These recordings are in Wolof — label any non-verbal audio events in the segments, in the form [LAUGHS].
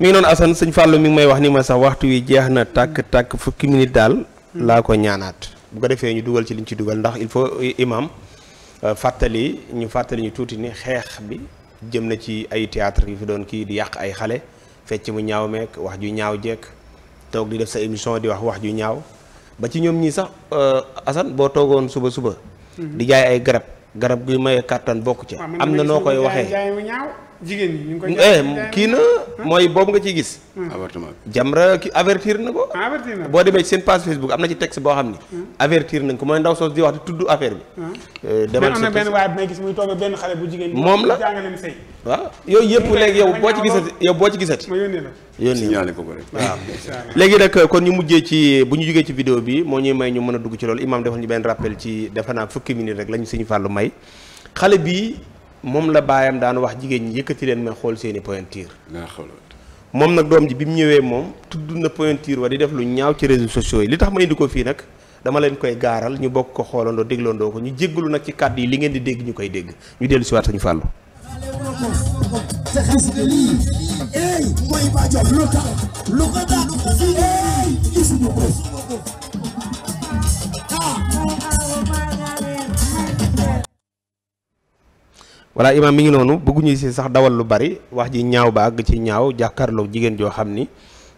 mi ngi noonu Assane sëñ Fallou mi ngi may wax ni ma sax waxtu wi jeex na tàkk tàkk fukki minute daal laa ko ñaanaat bu ko defee ñu dugal ci liñ ci dugal ndax il faut imam euh, fàttali ñu fàttali ñu tuuti ni xeex bi jëm na ci ay théâtre yu fi doon kii di yàq ay xale fecc mu ñaaw meek wax ju ñaaw jekk toog di def sa émission di wax wax ju ñaaw ba ci ñoom ñii sax euh, Assane boo toogoon suba suba. Mhm. di jaay ay garab garab gi maye kàttan bokk ca. am na noo koy waxee jigéen ñi ñu ko eh, kii na mooy boobu nga ciy gis. Hmm. avertissement Jamra ki avertir na ko. Ah, avertir na boo demee ci seen page Facebook am na ci texte boo xam ne hmm. avertir nañ ko mooy ndaw soos di wax di tudd affaire bi. Hmm. Eh, demal ci benn waaye may gis muy toog benn xale bu jigéen moom la jàngaleen sëy waaw yooyu yëpp léegi yow boo ci gisati yow boo ci gisati. ma yónnee la yónnee signalé ko ko rek. waaw [LAUGHS] léegi nag kon ñu mujjee ci bu ñu jugee ci vidéo bi moo ñuy may ñu mën a dugg ci loolu imam defal ñu benn rappel ci defe naa fukki minute rek lañu suñu fàllu may xale bi moom la baayam daan wax jigéen ñi yëkkati leen may xool seeni pointure moom nag doom ji bi mu ñëwee moom tudd na pointure wa di def lu ñaaw ci réseaux sociaux yi li tax ma indi ko fii nag dama leen koy gaaral ñu bokk ko xoolandoo dégloondoo ko ñu jéggalu nag ci kàddu yi li ngeen di dégg ñu koy dégg ñu dellu si waat sañu fàllu voilà imam mi ngi noonu bëgguñu si sax dawal lu bari wax ji ñaaw ba àgg ci ñaaw jàkkaarloog jigéen joo xam ni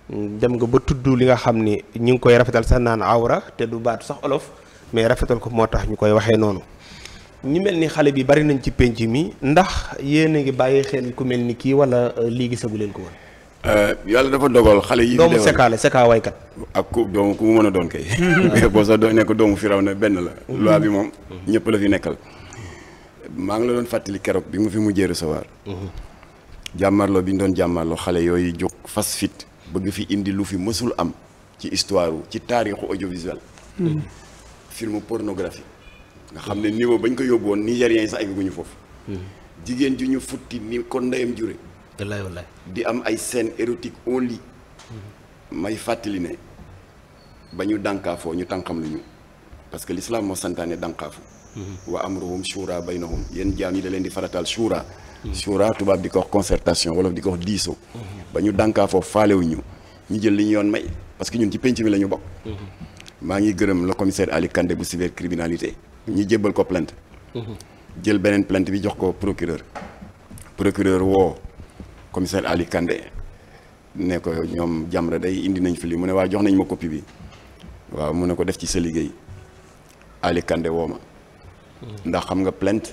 mm, dem nga ba tudd li nga xam ni ñu ngi koy rafetal sax naan awra te du baatu sax olof mais rafetal ko moo tax ñu koy waxee noonu ñu mel ni xale bi bari nañ ci penc mi ndax yéen a ngi bàyyi xel ku mel ni kii wala euh, lii gisagu leen ko woon. Euh, yàlla dafa dogal xale yi. doomu sekaale seka waykat. ak ku doomu ku mu mën a doon kay. [LAUGHS] boo sax doo nekk doomu benn la. Mm-hmm. loi moom mm-hmm. ñëpp la fi nekkal. maa ngi la doon fàttali keroog bi mu fi mujjee recevoir. jàmmarloo bi ñu doon jàmmarloo xale yooyu jóg fas fit bëgg fi indi lu fi mësul am ci histoire ci taarixu audiovisuel. film pornographie. nga xam ne niveau bañ ko yóbbu woon nigériens yi sax egguñu foofu. jigéen ju ñu futti ni kon ndeyam jure. wallaay wallaay di am ay scène érotique au lit. may fàttali ne ba ñu dànkaafoo ñu tànqam lu ñu parce que moo santaane dànkaafu. wa amruhum shura baynahum yéen jaam yi da leen di farataal shura shura tubaab di ko concertation wala di ko wax diisoo ba ñu dànkaa foofu faalewuñu ñu jël li ñu yoon may parce que ñun ci penc mi la ñu bokk maa ngi gërëm le commissaire Ali Kandé bu cybercriminalité ñu jébbal ko plainte jël beneen plainte bi jox ko procureur procureur woo commissaire Ali Kandé ne ko ñoom Jamra day indi nañ fi li mu ne waa jox nañ ma copie bi waaw mu ne ko def ci sa liggéey ndax xam nga plainte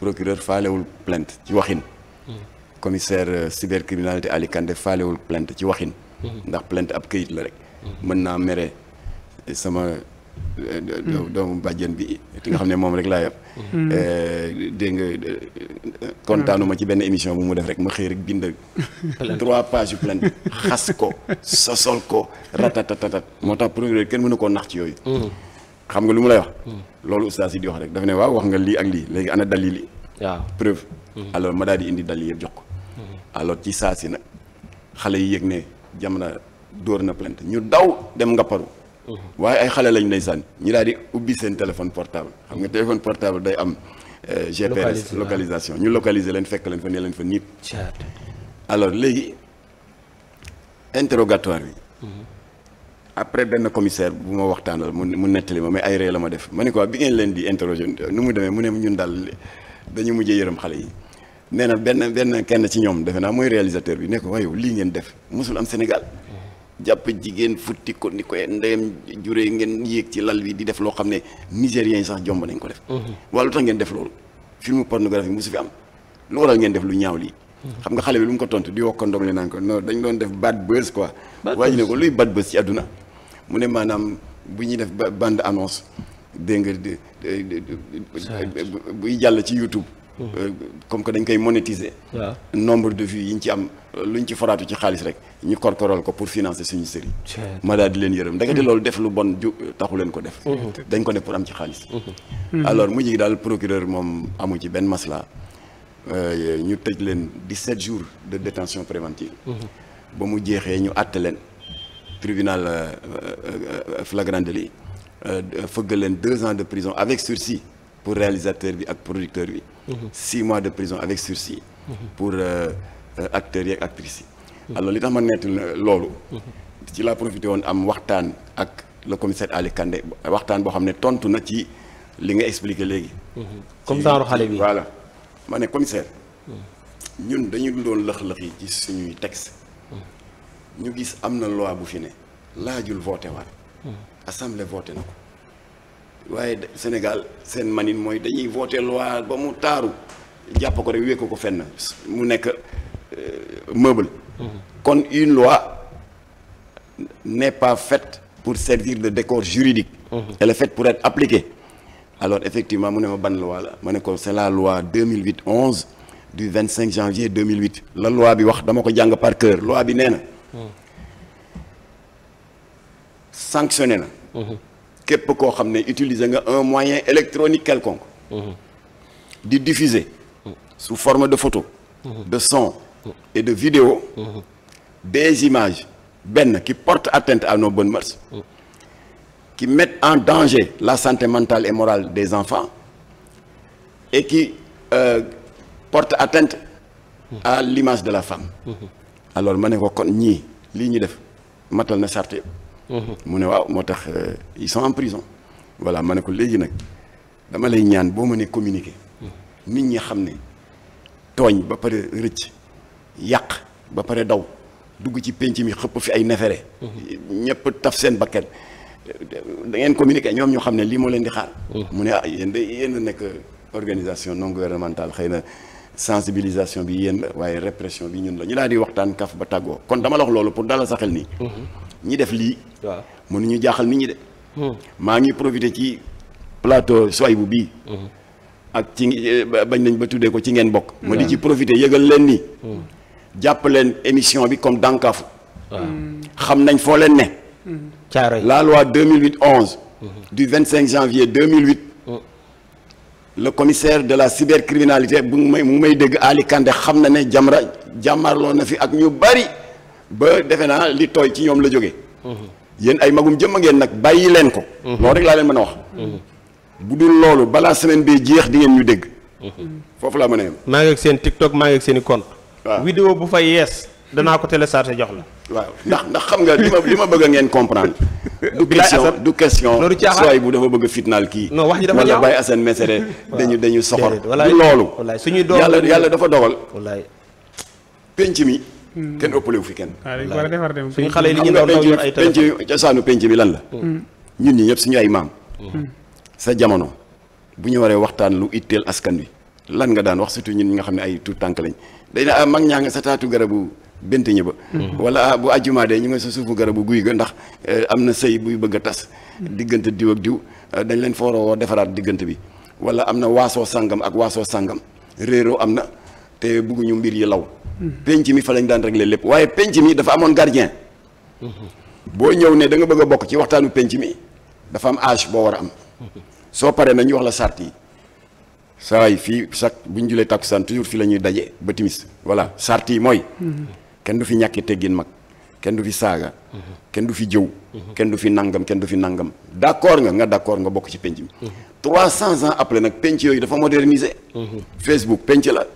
procureur faalewul plant ci waxin commissaire euh, cybercriminalité Ali Kandé faalewul plainte ci waxin ndax plainte ab kayit la rek mën naa mere sama euh, mm. doomu bàjjen bi ki nga xam ne moom rek laa yab mm. euh, dégg nga kontaanuma ci benn émission bu mu def rek ma xëy rek bind trois pages yu plainte xas ko sosol ko ratatatatat moo tax procureur kenn mënu koo nax ci yooyu mm. xam nga lu mu lay wax. Hmm. loolu saa yi di wax rek dafa ne waaw wax nga lii ak lii léegi ana dalil yi. waaw preuve. Hmm. alors ma daal di indi dalil yëpp jox ko. Hmm. alors ci saa si nag xale yi yëg ne jamono dóor na plainte ñu daw dem nga paru waaye ay xale lañ ndeysaan ñi daal di ubbi seen téléphone portable xam nga téléphone portable day am. Euh, GPS localisation ñu localiser leen fekk leen fa ne leen fa niip alors léegi interrogatoire bi. après benn commissaire bu ma waxtaanal mu mu nettali ma mais ay ree la ma def ma ne quoi bi ngeen leen di interroger nu mu demee mu ne ñun daal dañu mujjee yërëm xale yi ne na benn benn kenn ci ñoom defe naa mooy réalisateur bi ne ko waaye lii ngeen def mosul am Sénégal jàpp jigéen futti ko ni koy ndeyam juree ngeen yéeg ci lal bi di def loo xam ne nigériens yi sax jomb nañ ko def. Mhm. waaw lu tax ngeen def loolu. film pornographique mosu fi am lu waral ngeen def lu ñaaw lii. Mhm. xam nga xale bi ko tontu di wokk ndoom li naan ko non doon def bad buzz quoi. bad buzz waaye ñu ne ko luy bad buzz mu ne maanaam bu ñuy def bande annonce dégg nga buy jàll ci YouTube. Hmm. Euh, comme que dañ koy monétiser. waaw nombre de vues yi ñu ci am luñ ci foraatu ci xaalis rek ñu korkoral ko pour financer suñu série ma daal di leen yërëm ndekete hmm. loolu def lu bon ju taxu leen ko def. Hmm. dañ ko def pour am ci xaalis. alors mujj gi daal procureur moom amu ci benn masla euh, ñu tëj leen 17 jours de détention préventive. ba mu jeexee ñu àtte leen. tribunal euh, euh, euh, flagrant délit fëgg leen deux ans de prison avec sursis pour réalisateur bi ak producteur bi. Mhm. six mois de prison avec sursis. Mhm. pour acteurs yi ak actrices yi. Mhm. alors li tax ma nekk loolu. ci laa profité woon am waxtaan ak le commissaire Ali Kandé waxtaan boo xam ne tontu na ci li nga expliqué léegi. comme taaru xale bi voilà. ma ne commissaire. ñun dañu doon lëx-lëx yi ci suñuy texte ñu gis am na loi bu fi ne laajul voté waat hmm. assemblée voté na ko waaye Sénégal seen manin mooy dañuy voté loi ba mu taaru jàpp ko rek wékk ko fenn mu nekk euh, meuble hmm. kon une loi n'est pas faite pour servir de décor juridique hmm. elle est faite pour être appliquée alors effectivement mu ne ma ban loi la ma ne ko c'est la du janvier la loi bi wax dama ko jàng par cœur loi bi nee na sanctionné na. képp koo xam ne utiliser nga un moyen électronique quelconque. di diffuser. sous forme de photo. de son. et de vidéo. des images benn qui portent atteinte à nos bonnes mœurs. qui mettent en danger la santé mentale et morale des enfants et qui euh, portent à l'image de la femme. alors ma ne ko kon ñii lii ñu def matal na charte yëpp mhm. mu ne waaw moo tax euh, ils sont en prison voilà ma ne ko léegi nag dama lay ñaan boo mënee communiquer mhm. nit ñi xam ne tooñ ba pare rëcc yàq ba pare daw dugg ci penc mi xëpp fi ay nefere mhm. ñëpp taf seen bakket dangeen ngeen ñoom ñoo xam ne lii moo leen di xaar mu ne ah yéen de yéen nekk organisation non gouvernementale xëy na sensibilisation bi yéen la waaye répression bi ñun la ñu daal di waxtaan kaf ba tàggoo kon dama la wax loolu pour dalal sa xel nii. Mhm. ñi def lii. waaw mënuñu jaaxal nit ñi de. Mhm. maa ngi profité ci plateau soy bu bii. Mhm. ak ci eh, bañ nañ ba tuddee ko ci ngeen bokk. ma di ci profité yëgal leen nii. jàpp leen émission bi comme dànkaafu. xam nañ foo leen ne. la loi 2008 11. du 25 janvier 2008. le commissaire de la cybercriminalité bu may mu may dégg Ali xam na ne Jamra jàmmaarloo na fi ak ñu bari ba defe naa li tooy ci ñoom la jóge mhm. yéen ay magum jëmm ngeen nag bàyyi leen ko. Mhm. loolu rek laa leen mën a wax. Mhm. bu dul loolu balaa semaine bi jeex di ngeen ñu dégg. foofu laa mën a yem. maa ngi ak seen TikTok maa ngi ak seen i compte. waaw vidéo bu fa yees danaa ko télécharger jox la. waaw ndax ndax xam nga li ma li ma bëgg ngeen comprendre. du question du question. loolu bu dafa bëgg fitnaal kii. non wax ji dafa ñaaw wala Baye Assane Mesere. dañu dañu soxor. du loolu. suñuy doom yàlla yàlla dafa dogal. wallaay penc mi. Hmm. kenn ëppalewu fi kenn. Ah, waaw suñu xale yi li ñu doon doon ay penc penc cosaanu penc bi lan la. Hmm. ñun ñi ñëpp suñu ay maam. Hmm. sa jamono bu ñu waree waxtaan lu itteel askan wi lan nga daan wax surtout ñun ñi nga xam ne ay tuut tànk lañ day na ah, mag ñaa nga sa taatu garabu benteñe ba mm-hmm. wala bu àjjuma de ñu nga sa suufu garabu guy ga ndax eh, am na sëy buy bëgg a tas diggante diw ak diw eh, dañ leen foo a woo defaraat diggante bi wala am na waasoo sàngam ak waasoo sàngam réeroo am na te bugguñu mbir yi law mm-hmm. penc mi fa lañ daan régler lépp waaye penc mi dafa amoon gardien mm-hmm. boo ñëw ne danga nga bëgg a bokk ci waxtaanu penc mi dafa am âge boo war a am soo paree nañu wax la sart yi sa yi fii chaque buñ ñu julee takkusaan toujours fii la ñuy daje ba timis voilà sart mooy kenn du fi ñàkki teggin mag kenn du fi saaga kenn du fi jëw kenn du fi nangam kenn du fi nangam d'accord nga nga d'accord nga bokk ci penc mi trois cents ans nag penc yooyu dafa moderniser Facebook penc la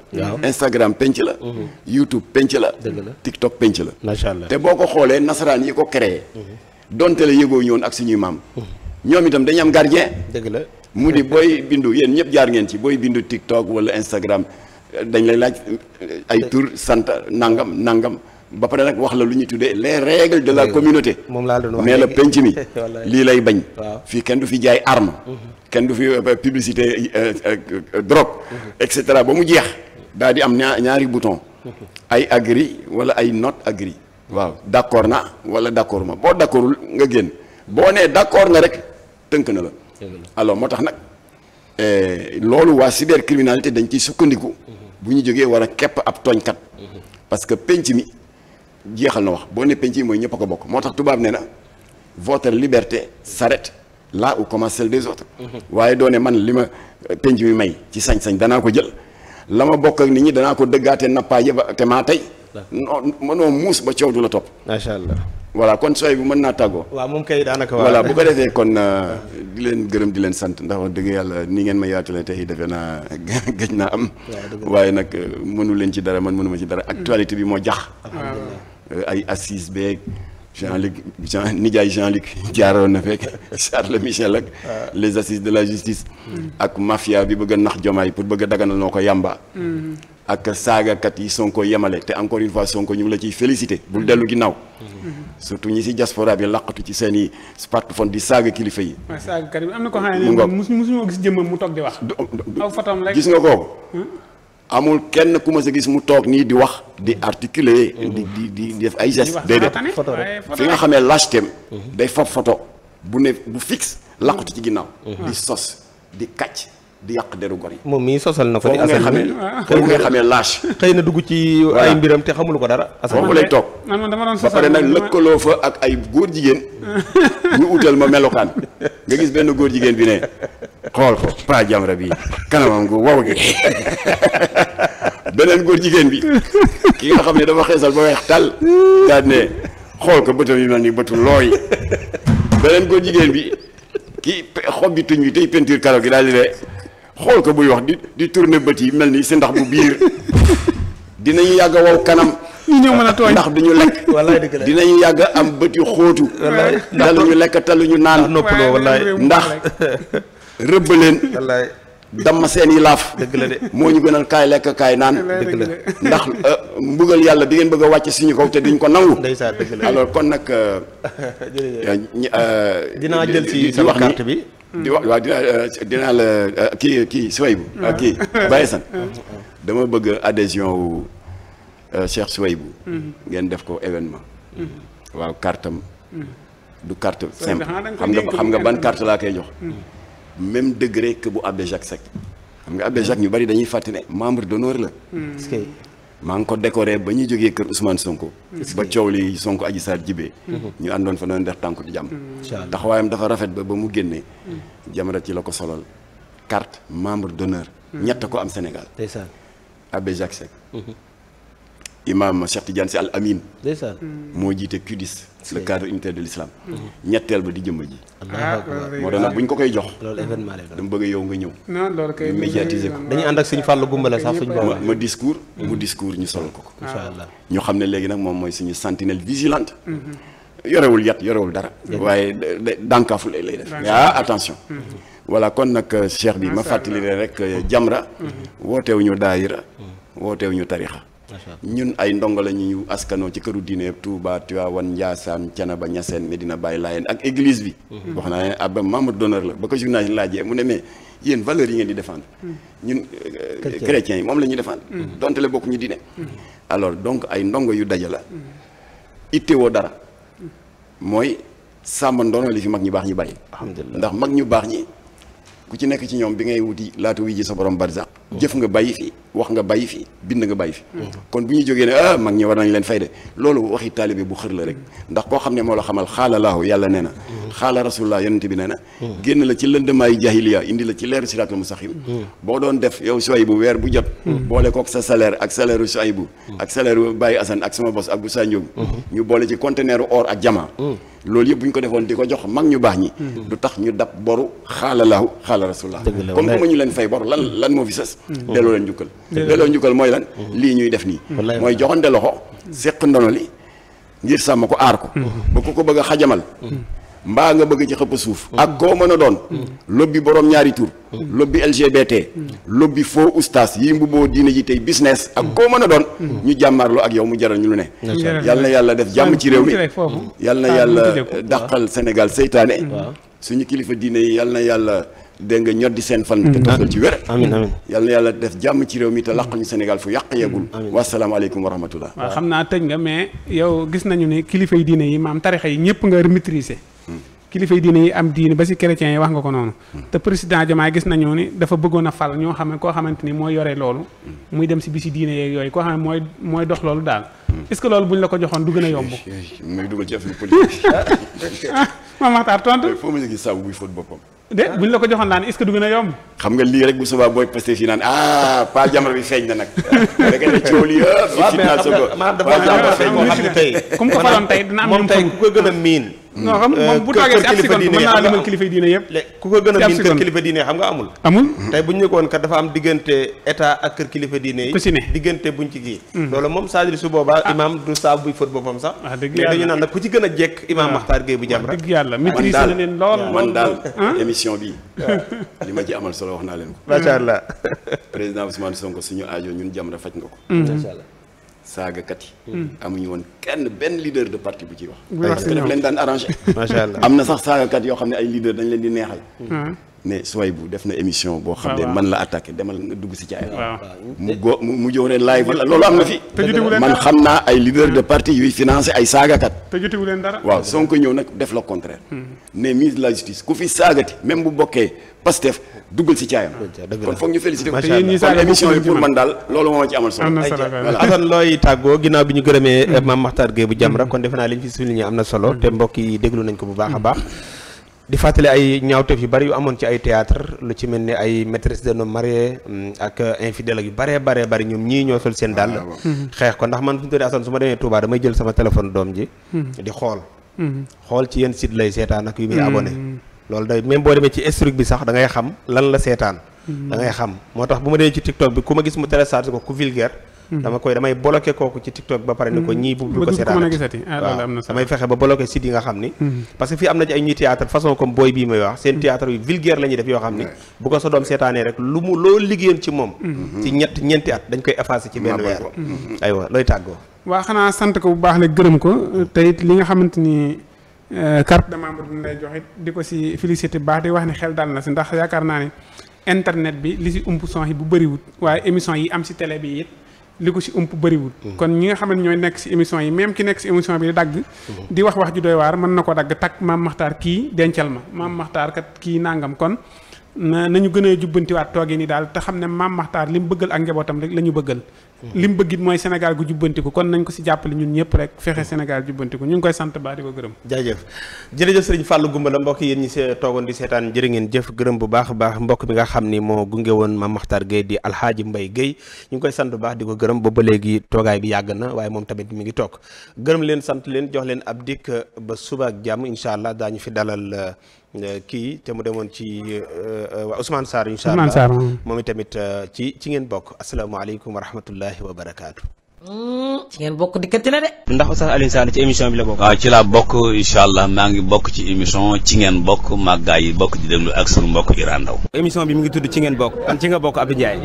Instagram penc la YouTube penc la TikTok penc la macha allah te boo ko xoolee nasaraan yi ko créé donte la yëgoo ñoon ak suñuy maam ñoom itam dañu am gardien dëgg la mu di booy bindu yéen ñëpp jaar ngeen ci booy bindu TikTok wala Instagram dañ lay laaj ay tur sant nangam nangam ba pare nag wax la lu ñuy tuddee les règles de la communauté. moom laa doon wax mais la penc mi [LAUGHS] lii lay bañ. fii kenn du fi jaay arme. Mhm. kenn du fi euh, euh, publicité euh, drop mhm. et cetera ba mu jeex. daal di am ñaari bouton. Mhm. ay agri wala ay not agri. waaw d' accord na wala d' accord ma boo d' accordul nga génn boo nee d' accord nga rek tënk na la. alors moo tax nag. Eh, loolu waa cybercriminalité dañ ciy sukkandiku. bu ñu jógee war a képp ab tooñkat. parce que penc mi jeexal na wax boo ne penc mi mooy ñëpp ko bokk moo tax tubaab nee na votre liberté s'arrête là où commence des autres. waaye doone man li ma eh, penc mi may ci sañ-sañ danaa ko jël la ma bokk ak nit ñi danaa ko dëggaate nappaay ba te maa tey. non mënoo muus ba coow du la topp. macha allah. voilà kon sooy bu mën naa tàggoo. waaw moom kay daanaka. voilà bu ko defee kon euh, di leen gërëm di leen sant ndax wax dëgg yàlla ni ngeen ma yaatale tey defe naa [LAUGHS] gëj naa am. waaye nag euh, mënu leen ci dara man mënu ci dara mm. actualité bi moo jax. Euh, ay assise beeg. Jean-Luc Jean nijaay Jean-Luc [LAUGHS] jaaroon na fekk [LAUGHS] Charles Michel ak ah. les assises de la justice mm. ak mafia bi bëgg a nax jomaay pour bëgg a daganal noo ko yàmba mm-hmm. ak saagakat yi Sonko yemale te encore une fois la ciy félicité bul dellu ginnaaw mm-hmm. surtout ñi si diaspora bi laqatu ci seen i smartphone di saaga kilifa yi. waaw saaga kat am na ko xam ne mu toog di wax. aw fotoom rek gis nga kooku. amul kenn ku ma sa gis mu toog nii di wax di articuler. Mm-hmm. di di di def ay gestes. déedéet fi nga xamee lâchetéem mm-hmm. day fab photo bu ne bu fix laqatu ci ginnaaw. Mm-hmm. di sos di kàcc. di yàq deru gor yi. moom mii sosal na ko di asal mi foofu ngay xamee lâche. xëy na dugg ci ay mbiram te xamul ko dara. asal foofu toog. man dama doon sosal ba pare lëkkaloo fa ak ay góor jigéen. [LAUGHS] ñu ma melokaan gis benn góor jigéen bi ne xool ko pa jamra bi kanamam gu wow gi [LAUGHS] beneen góor jigéen bi ki nga xam ne dafa xeesal ba weex tàll daal ne xool ko bëtam yi mel ni bëtu looy beneen góor jigéen bi ki xob bi tuñ bi tey peinture karaw gi daal di xool ko buy wax di di tourner bët yi mel ni si ndax bu biir [LAUGHS] dinañu yàgg a kanam. mën a ndax duñu lekk. [LAUGHS] wallaay dëgg la dinañu yàgg am bët yu xóotu. wallaay ndax taluñu lekk ñu naan. noppaloo wallaay ndax [LAUGHS] rëbb leen. wallaay seen yi laaf. dëgg la moo ñu gënal kaay lekk kaay naan. dëgg la ndax euh, mbugal yàlla di ngeen bëgg wàcc si ñu kaw te duñ ko nangu. ndeysaan dëgg la alors kon nag. Euh, jërëjëf euh, dinaa jël ci sama carte bi. di wax waaw dinaa euh, dinaa la euh, kii kii Souaybou ah. kii Baye San ah. dama bëgg adhésion wu euh, Cheikh bu mm-hmm. ngeen def ko événement mm-hmm. waaw kartam mm-hmm. du carte simple xam nga xam nga ban carte laa koy jox même degré que bu Abbé sec xam nga Abbé Jacques ñu bari dañuy fàttali ne membre d'honneur la maa ngi ko décoré ba ñu jógee kër Ousmane Sonko. ba coow li sonk aji saar jibee mhm. ñu àndoon fa noonu def tànku di jàmm. taxawaayam dafa rafet ba ba mu génnee. Mhm. Jamra ci la ko solal kart membre d'honneur. Mhm. ñett ko am Sénégal. abbé Jacques Seck. imaam Cheikh Tidiane Sy Al Amin. ndeysaan moo jiite CUDIS. le cadre unitaire de l'islam ñetteel ba di jëmm ji. moo tax bu ñu ko koy jox. loolu événement lay doon dama bëgg yow nga ñëw. non loolu kay médiatiser ko. dañuy ànd ak suñu fàllu gumbale sax ma boobaa. ma discours. mu discours ñu solo ko ko. incha ñu xam ne léegi nag moom mooy suñu sentinelle vigilante. Mm-hmm. yorewul yat yorewul dara. waaye dànkaafu lay lay def. ah attention. Mm-hmm. voilà kon nag euh, cheikh bi ma fàttali rek euh, Jamra. Mm-hmm. wooteewuñu daayira. wootewuñu tarixa ñun ay ndongo la ñuy askanoo ci këru diine Touba Tivaouane Ndiassane Thiénaba Niassène Medina Baye Layène ak église bi. Mhm. wax naa ne ab membre d'honneur la ba ko journaliste laajee mu ne mais yéen valeurs yi ngeen di défendre. Mhm. ñun euh, chrétiens yi moom la ñuy défendre. Mhm. donte le bokk ñu diine. alors donc ay ndongo yu daje la. ittewoo dara. mooy sàmm ndono li fi mag ñu baax ñu bàyyi. alhamdulilah ndax mag ñu baax ñi. ku ci nekk ci ñoom bi ngay wuti laata wi ji sa borom barsax jëf nga bàyyi fi wax nga bàyyi fii bind nga bàyyi fi kon bu ñu jógee ne ah mag ñi war nañ leen fay de loolu waxi taalibe bu xër la rek ndax koo xam ne moo la xamal xaala laahu yàlla nee na xaala rasulullah yonent bi nee na génn la ci lëndëmaayu jahiliya indi la ci leeru siraatul mustaqiim boo doon def yow bu weer bu jot boole kook sa salaire ak salaire u Suwaybu ak salaire u Baye Assane sama bos ak bu saa ñu boole ci conteneur or ak jama lool yëpp bu ñu ko defoon di ko jox mag ñu baax ñi hmm. du tax ñu dab boru xaalalaahu xaala rasulullah comme que ma ñu leen fay bor lan hmm. lan moo fi sës hmm. delloo leen njukkal delloo njukkal mooy lan lii ñuy def nii mooy joxante loxo séq ndono li ngir sàmm ko aar ko ba ku ko bëgg a xajamal mbaa nga bëgg ci xëpp suuf mm. ak koo mën a doon mm. lobby borom ñaari tur mm. lobby LGBT lobby faux oustas yi mbubboo diine ji tey business ak koo mën a doon ñu jàmmaarloo ak yow mu jaral ñu lu ne yal na yàlla def jàmm ci réew mi yal na ah, yàlla dàqal Sénégal seytaane suñu kilifa diine yi yal na yàlla dégg nga ñor di fan. te ah. toppal ci wér. amiin yàlla def jàmm ci réew mi te ñu Sénégal fu yàq yeegul. amiin wasalaamaaleykum xam naa tëj nga mais yow gis nañu ne kilifa yi diine yi maam tarixa yi ñëpp nga maîtriser. kilifa yi diine yi am diine ba si chrétiens yi wax nga ko noonu te président Diomaye gis nañu ni dafa bëggoon a fal ñoo xam koo xamante ni mooy yore loolu muy dem si bisi diine yeeg yooyu koo xam ne mooy mooy dox loolu daal hmm. est-ce que bu ñu la ko joxoon du gën a yomb [LAUGHS] mooy dugal [LAUGHS] tontu ma gis saabu buy fóot boppam de bu ñu la ko joxoon laan est-ce que du gën a yomb xam nga lii rek bu subaa booy Pastef yi naan ah pa jamra bi feeñ na nag rek ne coow lii yëpp maanaam feeñ moo xam ne tey comme ko faloon tey dina am moom tey ku gën a miin non xam moom bu toogee si ab seconde mën naa limal kilifa diine yëpp ku ko gën a miin kër kilifa diine xam nga amul amul tey bu ñu nekkoon kat dafa am diggante état ak kër kilifa diine yi ku si ne diggante buñ ci kii hmm. loolu moom sadri su boobaa ah. imam du saa buy fët boppam sax ah, mais dañu naan nag ku ci gën a jekk imam ah. Makhtar Gueye bu jàmm rek dëgg yàlla maîtrise na leen lool man daal émission bi [LAUGHS] li ma ci amal solo wax naa leen ko macha allah président Ousmane Sonko suñu aajo ñun jàmm rek faj nga ko hmm. saagakat yi. Hmm. amuñu woon kenn benn leader de parti bu ciy wax. bu wax def leen daan arrangé. macha am na sax saagakat yoo xam ne ay leader dañ leen di neexal. Hmm. ne suway bu def na émission boo xam ne ah, man la attaqué demal nga dugg si ci ay ah. mu go mu jow ne live loolu am na fi man xam naa ay leader de parti yuy financé ay saagakat te jotewu leen dara waaw Sonko ñëw nag def la contraire hmm. ne ministre la justice ku fi saagati même bu bokkee Pastef duggal si caayam kon foog ñu félicité ko kon émission yi pour man daal loolu moo ci amal solo Assane looy tàggoo ginnaaw bi ñu gërëmee hmm. eh, Mame Makhtar Gueye bu Jamra hmm. kon defe naa li ñu fi solo te mbokk yi déglu nañ ko bu baax baax di fàttali ay ñaawteef yu bari yu amoon ci ay théâtre lu ci mel ni ay maîtresse d'un homme marié mm, ak infidèle yu bare baree bari ñoom ñii ñoo sol seen dàll ah, mm-hmm. xeex ko ndax man fu ñu tëddee su ma demee Touba damay jël sama téléphone doom ji mm-hmm. di xool mm-hmm. xool ci yenn site lay seetaan ak yu muy abonné loolu day même boo demee ci historique bi sax da ngay xam lan la seetaan da xam moo tax bu ma demee ci TikTok bi ku ma gis mu télécharge ko ku vulgaire Mm-hmm. dama koy damay bloqué kooku ci TikTok ba pare ne ko mm-hmm. ñii bu ko seetaanati ah, damay fexe ba bloqué site yi nga xam ni mm-hmm. parce que fii am na ci ay bu ko sa doom seetaanee rek lu mu loo liggéeyoon ci membre bi lay joxit di ko si félicité baax di wax ne xel daal na si ndax yaakaar naa ne internet bi li si ump son yi bu bëriwut waaye émission yi am si télé bi it li ko ci ëmp bëriwul mm-hmm. kon ñi nga xam ne ñooy nekk ci émission yi même ki nekk ci émission bi dagg mm-hmm. di wax wax ju doy waar mën na ko dagg takk maam maxtaar kii dencal ma maam maxtaar kii nangam kon na nañu gën a jubbantiwaat toogee nii daal te xam ne maam maxtaar li mu bëggal ak njabootam rek la ñu bëggal li mu bëggit mooy Sénégal gu jubbantiku kon nañ ko si jàppale ñun ñëpp rek fexe mm. Sénégal jubbantiku ñu ngi koy sant baa di ko gërëm jaajëf jërëjëf sëriñ Fallou Goumbala mbokk yéen ñi see toogoon di seetaan jërë ngeen jëf gërëm bu baax baax mbokk mi nga xam ni moo gunge woon ma Makhtar Gueye di Alhaaji Mbaye Gueye ñu ngi koy sant bu baax di ko gërëm ba ba léegi toogaay bi yàgg na waaye moom tamit mu ngi toog gërëm leen sant leen jox leen ab dikk ba suba ak jàmm incha allah ñu fi dalal euh, kii te mu demoon ci waa euh, euh, saar Sarr incha allah moom i tamit ci ci ngeen bokk asalaamaaleykum wa rahmatullah rahmatullahi wa barakaatu. Hmm, ci ngeen bokk dikkati na de. ndax Oustaz Alioune Sall ci émission bi la bokk. waaw ci laa bokk incha allah maa ngi bokk ci émission ci ngeen bokk di déglu ak suñu mbokk Iran Ndaw. émission bi mi man ci nga bokk Abdou Ndiaye.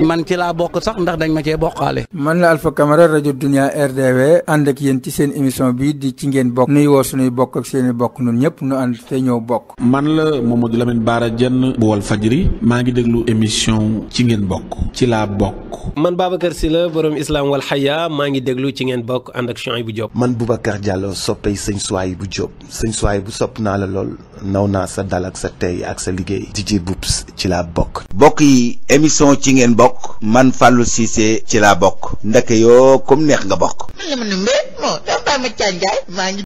ci la Alpha Camara rajo Dunia RDV ànd ak yéen ci seen émission bi di ci ngeen bokk. nuy woo suñuy bokk ak seen bokk ñun ñëpp ñu ànd te ñëw bokk. man la Mamadou Lamine Bara Dieng bu Walf Fadjri maa ngi déglu émission ci ngeen bokk. ci laa bokk. man Babacar Sylla borom Islam wal Haya maa ngi déglu ci ngeen bokk ànd ak Souhaïbou Diop. man Boubacar Diallo soppey sëñ Souhaïbou Diop sëñ bu sopp naa la lool naw naa sa dal ak sa tey ak sa liggéey. DJ Boubs ci laa bokk. bokk yi émission ci ngeen bokk man Fallou Cissé ci laa bokk ndeke yoo comme neex nga bokk. man la ma maa ngi